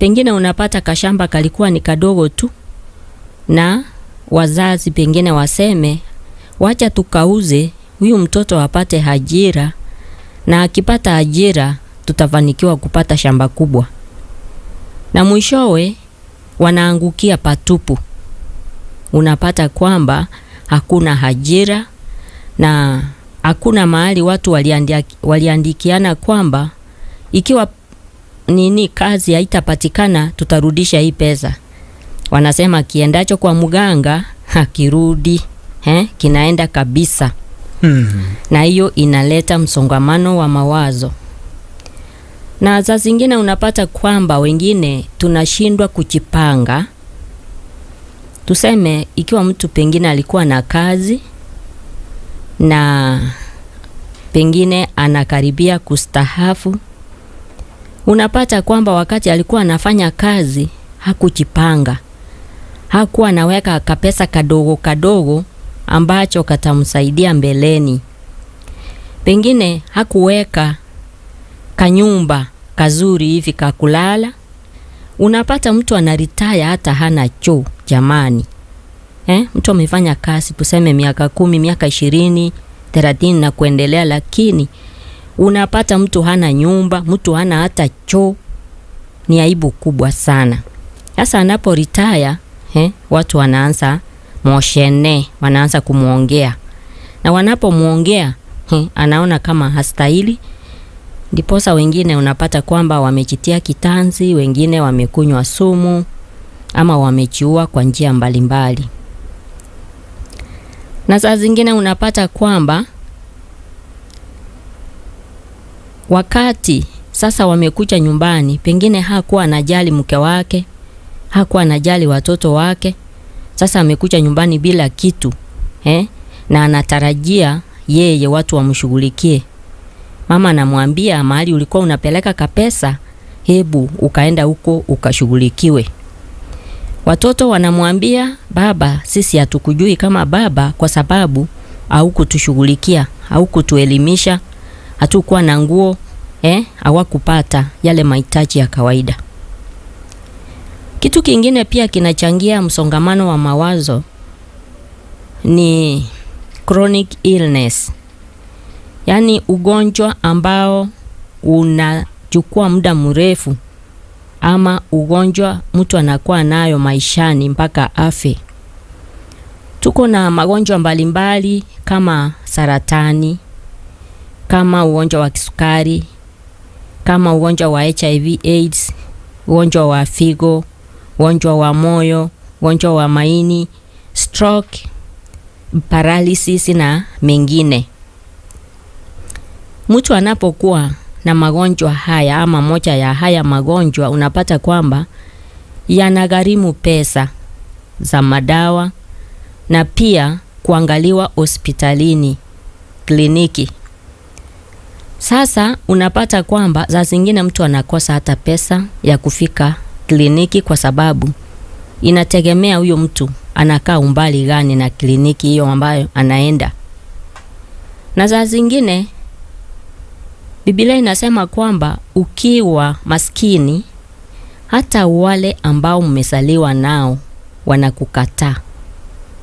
pengine unapata kashamba kalikuwa ni kadogo tu, na wazazi pengine waseme wacha tukauze, huyu mtoto apate ajira, na akipata ajira tutafanikiwa kupata shamba kubwa, na mwishowe wanaangukia patupu. Unapata kwamba hakuna ajira na hakuna mahali watu waliandikiana kwamba ikiwa nini kazi haitapatikana, tutarudisha hii pesa. Wanasema kiendacho kwa mganga hakirudi, eh, kinaenda kabisa. -hmm. Na hiyo inaleta msongamano wa mawazo, na saa zingine unapata kwamba wengine tunashindwa kujipanga. Tuseme ikiwa mtu pengine alikuwa na kazi na pengine anakaribia kustahafu Unapata kwamba wakati alikuwa anafanya kazi hakujipanga, hakuwa anaweka kapesa kadogo kadogo ambacho katamsaidia mbeleni. Pengine hakuweka kanyumba kazuri hivi kakulala. Unapata mtu anaritaya hata hana choo jamani, eh? Mtu amefanya kazi tuseme miaka kumi, miaka ishirini, thelathini na kuendelea, lakini unapata mtu hana nyumba, mtu hana hata choo. Ni aibu kubwa sana. Sasa anapo retire eh, watu wanaanza moshene, wanaanza kumwongea na wanapomwongea eh, anaona kama hastahili ndiposa wengine unapata kwamba wamejitia kitanzi, wengine wamekunywa sumu ama wamejiua kwa njia mbalimbali, na saa zingine unapata kwamba Wakati sasa wamekucha nyumbani, pengine hakuwa anajali mke wake, hakuwa anajali watoto wake. Sasa amekucha nyumbani bila kitu eh? na anatarajia yeye watu wamshughulikie. Mama anamwambia mahali ulikuwa unapeleka kapesa, hebu ukaenda huko ukashughulikiwe. Watoto wanamwambia baba, sisi hatukujui kama baba, kwa sababu haukutushughulikia, haukutuelimisha hatukuwa na nguo eh, hawakupata yale mahitaji ya kawaida. Kitu kingine pia kinachangia msongamano wa mawazo ni chronic illness, yaani ugonjwa ambao unachukua muda mrefu, ama ugonjwa mtu anakuwa nayo maishani mpaka afe. Tuko na magonjwa mbalimbali kama saratani kama ugonjwa wa kisukari, kama ugonjwa wa HIV AIDS, ugonjwa wa figo, ugonjwa wa moyo, ugonjwa wa maini, stroke, paralysis na mengine. Mtu anapokuwa na magonjwa haya ama moja ya haya magonjwa, unapata kwamba yanagharimu pesa za madawa na pia kuangaliwa hospitalini, kliniki. Sasa unapata kwamba za zingine mtu anakosa hata pesa ya kufika kliniki, kwa sababu inategemea huyo mtu anakaa umbali gani na kliniki hiyo ambayo anaenda. Na za zingine Biblia inasema kwamba ukiwa maskini, hata wale ambao mmesaliwa nao wanakukataa,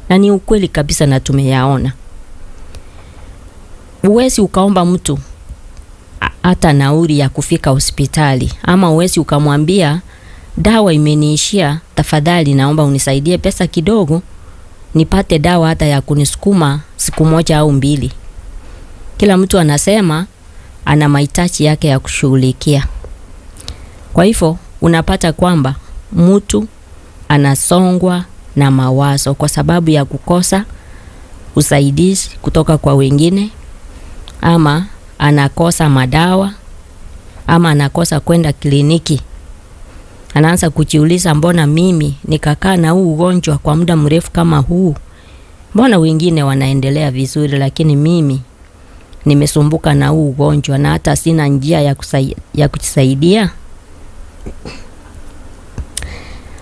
na ni ukweli kabisa, na tumeyaona. Uwezi ukaomba mtu hata nauri ya kufika hospitali, ama uwezi ukamwambia dawa imeniishia, tafadhali naomba unisaidie pesa kidogo nipate dawa hata ya kunisukuma siku moja au mbili. Kila mtu anasema ana mahitaji yake ya kushughulikia. Kwa hivyo unapata kwamba mtu anasongwa na mawazo kwa sababu ya kukosa usaidizi kutoka kwa wengine ama anakosa madawa ama anakosa kwenda kliniki, anaanza kujiuliza, mbona mimi nikakaa na huu ugonjwa kwa muda mrefu kama huu? Mbona wengine wanaendelea vizuri, lakini mimi nimesumbuka na huu ugonjwa na hata sina njia ya, kusai, ya kujisaidia.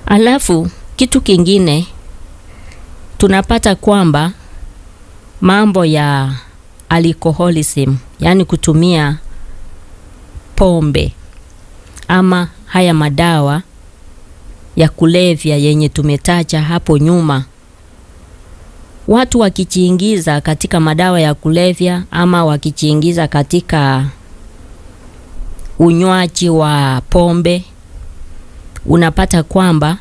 Alafu kitu kingine tunapata kwamba mambo ya alcoholism, yaani kutumia pombe ama haya madawa ya kulevya yenye tumetaja hapo nyuma. Watu wakijiingiza katika madawa ya kulevya ama wakijiingiza katika unywaji wa pombe, unapata kwamba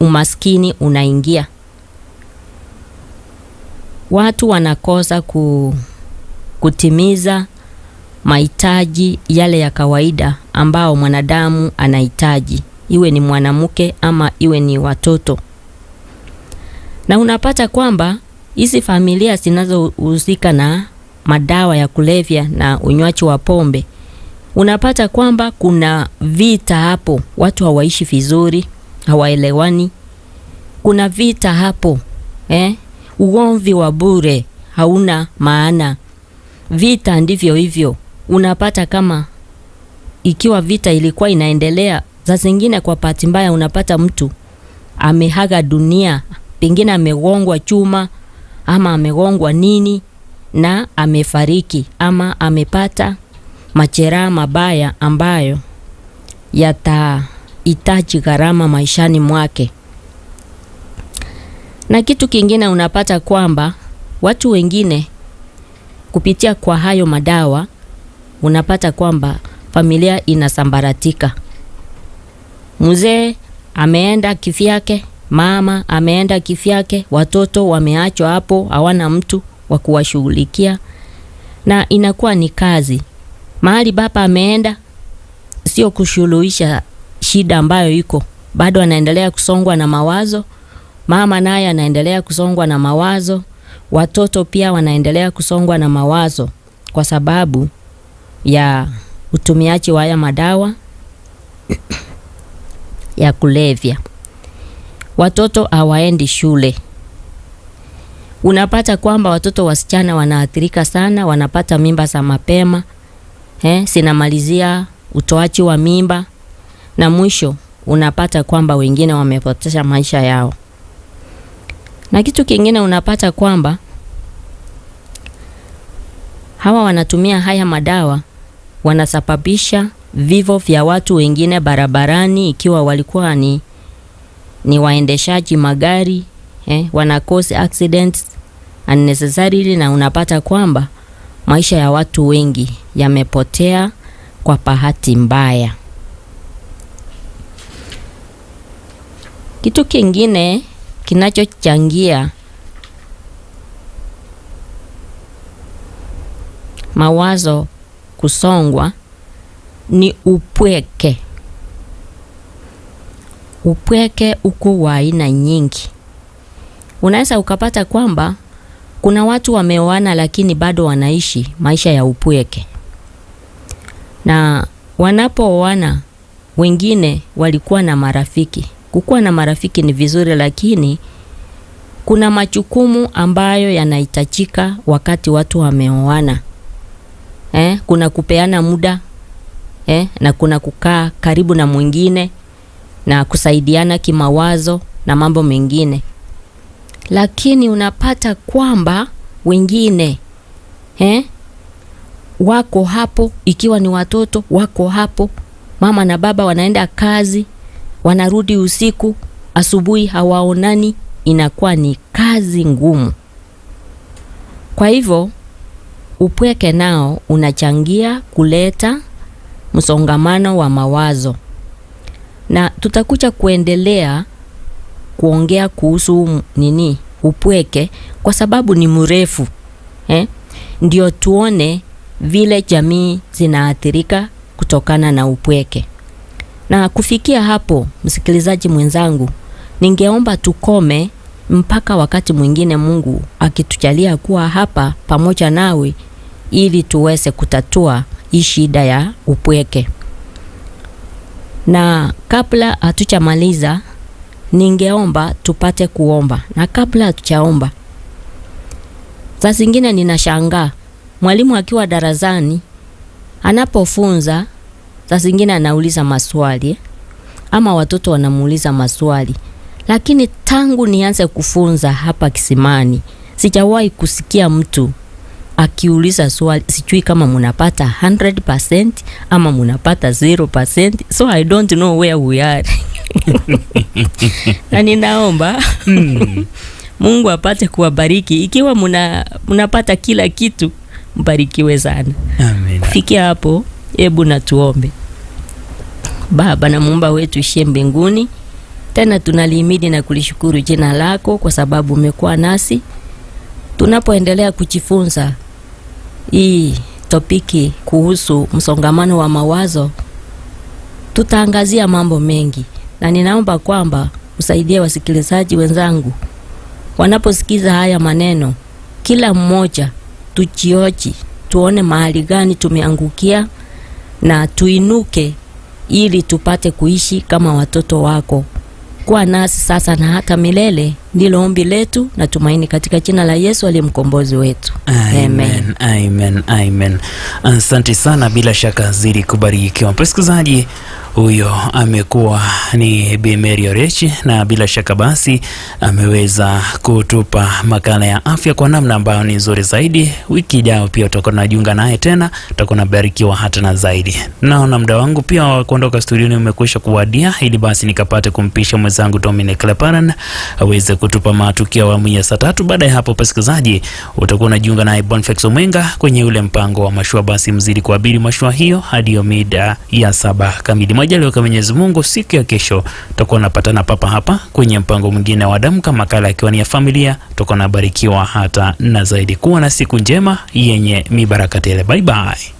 umaskini unaingia, watu wanakosa ku kutimiza mahitaji yale ya kawaida ambao mwanadamu anahitaji, iwe ni mwanamke ama iwe ni watoto. Na unapata kwamba hizi familia zinazohusika na madawa ya kulevya na unywaji wa pombe, unapata kwamba kuna vita hapo, watu hawaishi vizuri, hawaelewani, kuna vita hapo eh? Ugomvi wa bure hauna maana. Vita ndivyo hivyo, unapata kama ikiwa vita ilikuwa inaendelea, saa zingine kwa bahati mbaya unapata mtu amehaga dunia, pengine amegongwa chuma ama amegongwa nini na amefariki ama amepata majeraha mabaya ambayo yatahitaji gharama maishani mwake. Na kitu kingine unapata kwamba watu wengine Kupitia kwa hayo madawa unapata kwamba familia inasambaratika. Mzee ameenda kifyake mama ameenda kifyake watoto wameachwa hapo, hawana mtu wa kuwashughulikia na inakuwa ni kazi. Mahali baba ameenda sio kushuluhisha shida ambayo iko, bado anaendelea kusongwa na mawazo. Mama naye anaendelea kusongwa na mawazo. Watoto pia wanaendelea kusongwa na mawazo kwa sababu ya utumiaji wa haya madawa ya kulevya. Watoto hawaendi shule. Unapata kwamba watoto wasichana wanaathirika sana, wanapata mimba za mapema eh, sinamalizia utoaji wa mimba na mwisho unapata kwamba wengine wamepoteza maisha yao. Na kitu kingine unapata kwamba hawa wanatumia haya madawa wanasababisha vivo vya watu wengine barabarani, ikiwa walikuwa ni, ni waendeshaji magari eh, wana cause accidents unnecessarily, na unapata kwamba maisha ya watu wengi yamepotea kwa bahati mbaya. Kitu kingine kinachochangia mawazo kusongwa ni upweke. Upweke uko wa aina nyingi. Unaweza ukapata kwamba kuna watu wameoana lakini bado wanaishi maisha ya upweke, na wanapooana wengine walikuwa na marafiki Kukuwa na marafiki ni vizuri, lakini kuna majukumu ambayo yanahitajika wakati watu wameoana. Eh, kuna kupeana muda eh, na kuna kukaa karibu na mwingine na kusaidiana kimawazo na mambo mengine, lakini unapata kwamba wengine eh, wako hapo, ikiwa ni watoto wako hapo, mama na baba wanaenda kazi wanarudi usiku, asubuhi hawaonani, inakuwa ni kazi ngumu. Kwa hivyo upweke nao unachangia kuleta msongamano wa mawazo, na tutakucha kuendelea kuongea kuhusu nini upweke, kwa sababu ni mrefu eh? Ndio tuone vile jamii zinaathirika kutokana na upweke. Na kufikia hapo, msikilizaji mwenzangu, ningeomba tukome mpaka wakati mwingine, Mungu akitujalia kuwa hapa pamoja nawe, ili tuweze kutatua hii shida ya upweke. Na kabla hatujamaliza, ningeomba tupate kuomba, na kabla hatujaomba, saa zingine ninashangaa mwalimu akiwa darasani anapofunza saa zingine anauliza maswali ama watoto wanamuuliza maswali, lakini tangu nianze kufunza hapa Kisimani sijawahi kusikia mtu akiuliza swali, sijui kama munapata 100% ama munapata 0%, so I don't know where we are na ninaomba mm. Mungu apate kuwabariki. Ikiwa muna, munapata kila kitu, mbarikiwe sana. Amen. Kufikia hapo Hebu na tuombe. Baba na muumba wetu ishie mbinguni, tena tunalihimidi na kulishukuru jina lako kwa sababu umekuwa nasi tunapoendelea kujifunza hii topiki kuhusu msongamano wa mawazo. Tutaangazia mambo mengi, na ninaomba kwamba usaidie wasikilizaji wenzangu wanaposikiza haya maneno, kila mmoja tujioji, tuone mahali gani tumeangukia na tuinuke ili tupate kuishi kama watoto wako. Kuwa nasi sasa na hata milele. Ndilo ombi letu na tumaini katika jina la Yesu aliye mkombozi wetu. Amen, amen, amen. amen. Asante sana, bila shaka zidi kubarikiwa. Msikilizaji, huyo amekuwa ni Bi Mary Orechi, na bila shaka basi ameweza kutupa makala ya afya kwa namna ambayo ni nzuri zaidi. Wiki ijayo pia utakuwa tunajiunga naye tena, utakuwa unabarikiwa hata na zaidi. Naona muda wangu pia wa kuondoka studioni umekwisha kuwadia, ili basi nikapate kumpisha mwenzangu Dominic Leparan aweze kutupa matukio ya awamu ya saa tatu. Baada ya hapo, pasikizaji, utakuwa unajiunga naye Boniface Omwenga kwenye ule mpango wa mashua, basi mzidi kuabiri mashua hiyo hadi mida ya saba kamili. Majaliwa kwa Mwenyezi Mungu, siku ya kesho tutakuwa napatana papa hapa kwenye mpango mwingine wa damu kama kala akiwa ni ya familia. Tutakuwa nabarikiwa hata na zaidi. Kuwa na siku njema yenye mibaraka tele. Bye bye.